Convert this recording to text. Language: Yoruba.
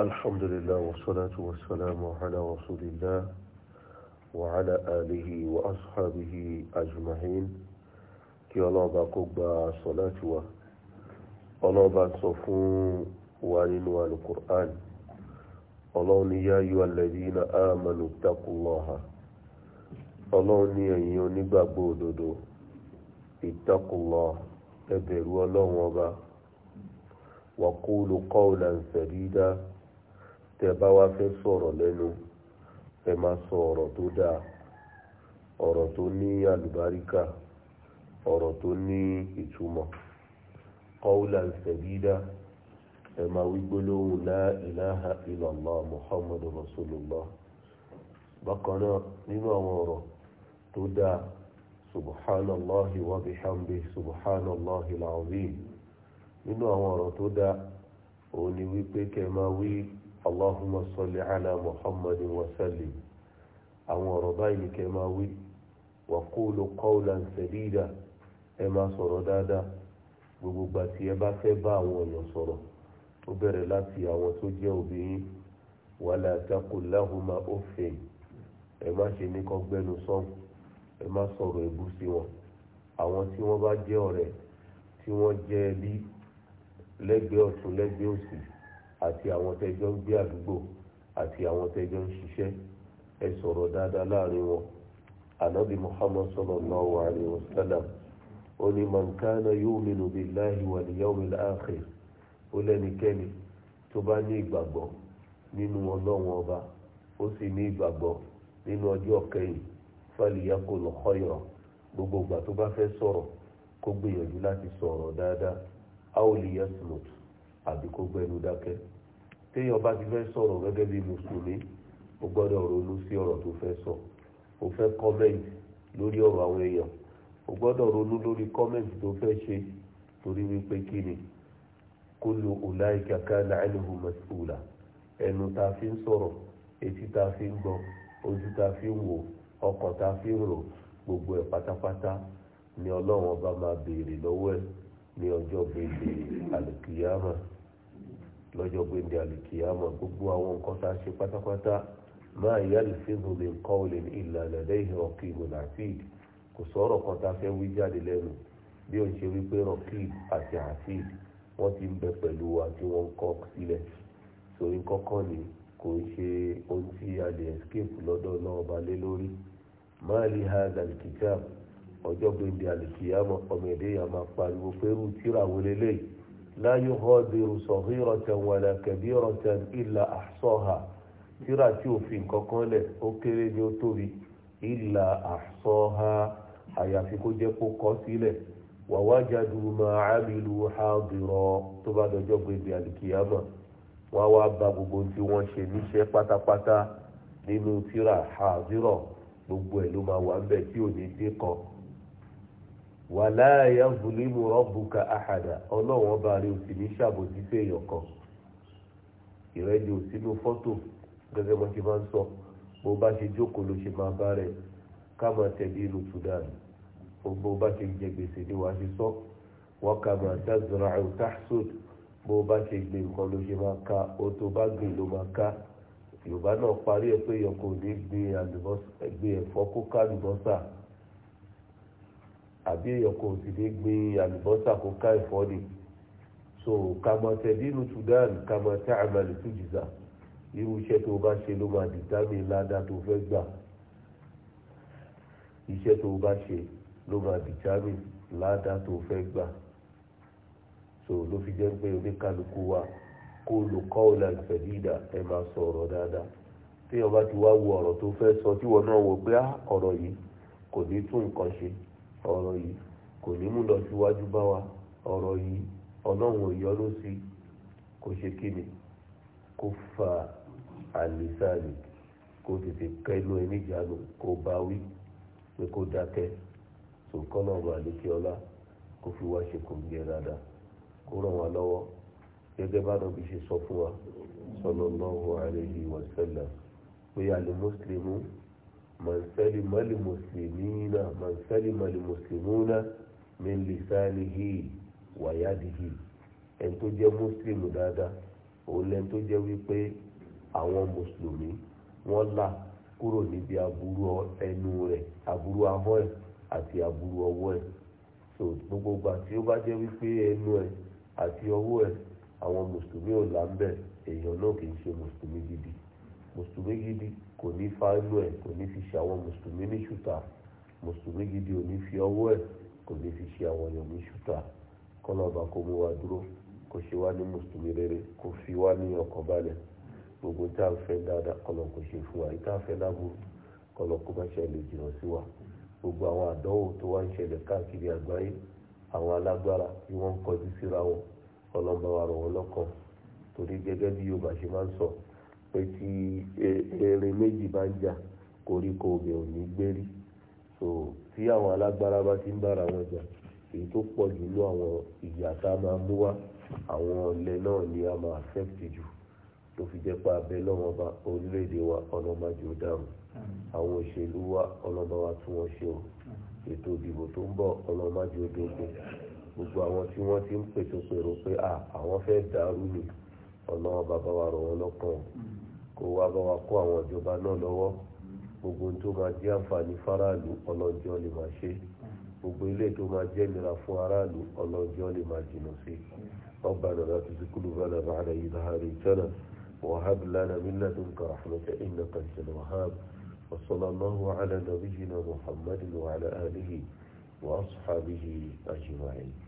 الحمد لله والصلاة والسلام على رسول الله وعلى آله وأصحابه أجمعين kí ọlọ́ọ̀bá kó gba sọ́láàtì wa ọlọ́ọ̀bá sọ fún wa nínú alukur'an ọlọ́run ní yá yọ alladhina amanu ittaqullaha ọlọ́run ní ẹ̀yin onígbàgbọ́ òdodo ittaqullaha ẹ bẹ̀rù ọlọ́run ọba wa qulu qawlan sadida tẹ́ bá wá fẹ́ sọ̀rọ̀ lẹ́nu ẹ máa sọ ọ̀rọ̀ tó dáa ọ̀rọ̀ tó ní àlùbáríkà ọ̀rọ̀ tó ní ìtumọ̀ qawlan sadida ẹ máa wí gbólóhùn la ilaha illallah muhammadu rasulullah bákan náà nínú àwọn ọ̀rọ̀ tó dáa subhanallahi wa bihamdihi subhanallahi alazim nínú àwọn ọ̀rọ̀ tó dáa òun ni wípé kẹ́ máa wí. اللهم صل على محمد وسلم sallim àwọn ọ̀rọ̀ وقول ni kẹ́ ẹ máa wí wa qulu qawlan sadida ẹ máa sọ̀rọ̀ dáadáa gbogbo gbà tí ẹ bá fẹ́ bá àwọn èèyàn sọ̀rọ̀ ó bẹ̀rẹ̀ láti àwọn tó jẹ́ òbí yín wala taqul lahuma ẹ má ṣe ní kọ́ gbẹ́nu ẹ má sọ̀rọ̀ èbú sí wọn àwọn tí wọ́n bá jẹ́ ọ̀rẹ́ tí wọ́n jẹ́ ẹbí lẹ́gbẹ̀ẹ́ ọ̀tún lẹ́gbẹ̀ẹ́ òsì àti àwọn tẹ́jọ́ ń gbé àdúgbò àti àwọn tẹ́jọ́ ń ṣiṣẹ́ ẹ sọ̀rọ̀ dáadáa láàrin wọn anabi muhammad sallallahu alayhi wa sallam ó ní man kana yu'minu billahi wal yawmil akhir ó lẹ́nikẹ́ni tó bá ní ìgbàgbọ́ nínú ọlọ́run ọba ó sì ní ìgbàgbọ́ nínú ọjọ́ kẹyìn falyaqul khayra gbogbo ìgbà tó bá fẹ́ sọ̀rọ̀ kó gbìyànjú láti sọ̀rọ̀ dáadáa aw liyasmut àbí kó gbẹnu dákẹ́ téèyàn bá ti fẹ́ sọ̀rọ̀ gẹ́gẹ́ bí mùsùlùmí ó gbọ́dọ̀ ronú sí ọ̀rọ̀ tó fẹ́ sọ ó fẹ́ lórí ọ̀rọ̀ àwọn èèyàn ó gbọ́dọ̀ ronú lórí tó fẹ́ ṣe torí wípé kí ni kullu ulaika kana ẹnu fi ń sọ̀rọ̀ etí fi ń gbọ́ ojú gbogbo ẹ̀ pátápátá ni ọlọ́run ọba máa béèrè lọ́wọ́ ní ọjọ́ lọ́jọ́ gbẹ̀ndé àlùkìyàmà gbogbo àwọn nǹkan tá a ṣe pátápátá máa yá lè fi hùwé nǹkan olè ní ìlànà lẹ́yìn ọ̀kìmù làtìd kò sọ̀rọ̀ kan tá a fẹ́ wí jáde lẹ́nu bí ó ń ṣe wípé rọ̀kìd àti àtìd wọ́n ti ń bẹ pẹ̀lú wa tí wọ́n ń kọ́ sílẹ̀ sórí kọ́kọ́ ni kò ń ṣe ohun tí a lè escape lọ́dọ̀ náà ba lé lórí máa lè ha àlùkìyàmà ọjọ́ gbẹ̀ndé àlùkìyàmà ọmọ la yughadiru saghiratan wala kabiratan illa ahsaha tíra tí òfin kankan lẹ̀ ó kéré ní ó tóbi illa ahsaha àyàfi kó jẹ́ kó kọ́ sílẹ̀ wa wajadu ma amilu hadira tó bá dọjọ́ gbèbè àlìkìyàmà wọ́n á wá ba gbogbo tí wọ́n ṣe níṣẹ́ pátápátá nínú tíra hadira gbogbo ẹ̀ ló máa wà ń bẹ̀ tí ò ní dín kan wàlá yazulimu rabbuka ahada ọlọ́run ọba rẹ ò sì ní ṣàbòsí fèèyàn kan ìrẹ́jẹ ò sínú fọ́tò gẹ́gẹ́ bó ṣe máa ń sọ bó bá ṣe jókòó ló ṣe máa bá rẹ̀ ká máa tẹ̀lé inú sudan bó bá ṣe jẹ gbèsè ni wàá ṣe sọ wọn kà máa tazra tahsud bó bá ṣe gbé nǹkan ló ṣe máa ka ó tó bá gbìn ló máa ká yorùbá náà parí ẹ pé yọkọ ní gbin ẹ̀fọ́ kó ká àlùbọ́sà àbí èèyàn kò sì lè gbin àlùbọ́sà kó ká ẹ̀fọ́ ni so kàmọ̀tẹ́ nínú sudan kàmọ̀tẹ́ àmàlì tó jìzà irú iṣẹ́ tó o bá ṣe ló máa dìtámì ládàá tó fẹ́ gbà iṣẹ́ tó bá ṣe ló máa dìtámì ládàá tó fẹ́ gbà so ló fi jẹ́ pé oníkálukú wa kó lo kọ́ọ̀lá ìfẹ̀dídà ẹ máa sọ ọ̀rọ̀ dáadáa téèyàn bá ti wá wo ọ̀rọ̀ tó fẹ́ sọ tí wọn náà wò pé ah, ọ̀rọ̀ yìí kò ní tún nǹkan ṣe ọ̀rọ̀ yìí kò ní mú lọ síwájú bá wa ọ̀rọ̀ yìí ọlọ́run ò yọ́nú kò ṣe kíni kó fa àlìsáàlì kò tètè kẹnu ẹni jánu kó bá wí pé kó dákẹ́ sòkàn ọlá kó fi wá ṣe sọ fún wa pé من سلم al-muslimina man salima al-muslimuna min lisanihi wa yadihi ẹni tó jẹ́ muslim dáadáa òun lẹni tó jẹ́ wípé àwọn mùsùlùmí wọ́n là kúrò níbi aburú ẹnu rẹ̀ aburú ahọ́n ẹ̀ àti aburú ọwọ́ ẹ̀ so gbogbo ìgbà tí ó bá jẹ́ wípé ẹnu ẹ̀ àti ọwọ́ ẹ̀ àwọn mùsùlùmí ò là ń bẹ̀ èèyàn náà kì í ṣe mùsùlùmí gidi mùsùlùmí gidi kò ní fáánù ẹ̀ kò ní fi ṣe àwọn mùsùlùmí ní ṣùtà mùsùlùmí gidi ò ní fi ọwọ́ ẹ̀ kò ní fi ṣe àwọn èèyàn ní ṣùtà kọ́nà ọba kó mú wa dúró kó ṣe wá ní mùsùlùmí rere kó fi wá ní ọkàn balẹ̀ gbogbo tá a fẹ́ dáadáa kọ́nà kó ṣe fún wa ìta fẹ́ láburú kọ́nà kó má ṣe lè jìnnà sí wa gbogbo àwọn àdánwò tó wá ń ṣẹlẹ̀ káàkiri àgbáyé àwọn alágbára tí wọ́n ń kọjú síra wọn ọlọ́mọba wa rọ̀ wọ́n lọ́kàn torí gẹ́gẹ́ bí Yorùbá ṣe máa ń sọ pé tí erin méjì bá ń jà koríko obì ò ní gbérí so tí àwọn alágbára bá ti ń bára wọn jà èyí tó pọ̀ nínú àwọn ìyà tá a máa mú wá àwọn ọ̀lẹ náà ni a máa affect jù tó fi jẹ́ pé abẹ́ lọ́wọ́ bá orílẹ̀-èdè wa ọlọ́mọdé ò dáhùn àwọn òṣèlú wa ọlọ́mọ wa tí wọ́n ṣe o ètò ìdìbò tó ń bọ̀ ọlọ́mọdé ò dógún gbogbo àwọn tí wọ́n ti ń pètò pèrò pé à àwọn fẹ́ dàrú ni ọlọ́wọ́ bàbá wa rọ̀ wọ́n lọ́kàn o kó wá bá wa kó àwọn ìjọba náà lọ́wọ́ gbogbo ohun tó máa jẹ́ àǹfààní faraàlú ọlọ́jọ́ lè máa ṣe gbogbo ilé tó máa jẹ́ ìnira fún aráàlú ọlọ́jọ́ lè máa jìnnà sí ربنا لا تزغ قلوبنا بعد إذ هديتنا وهب لنا من لدنك رحمة إنك أنت الوهاب وصلى الله على نبينا محمد وعلى آله وأصحابه أجمعين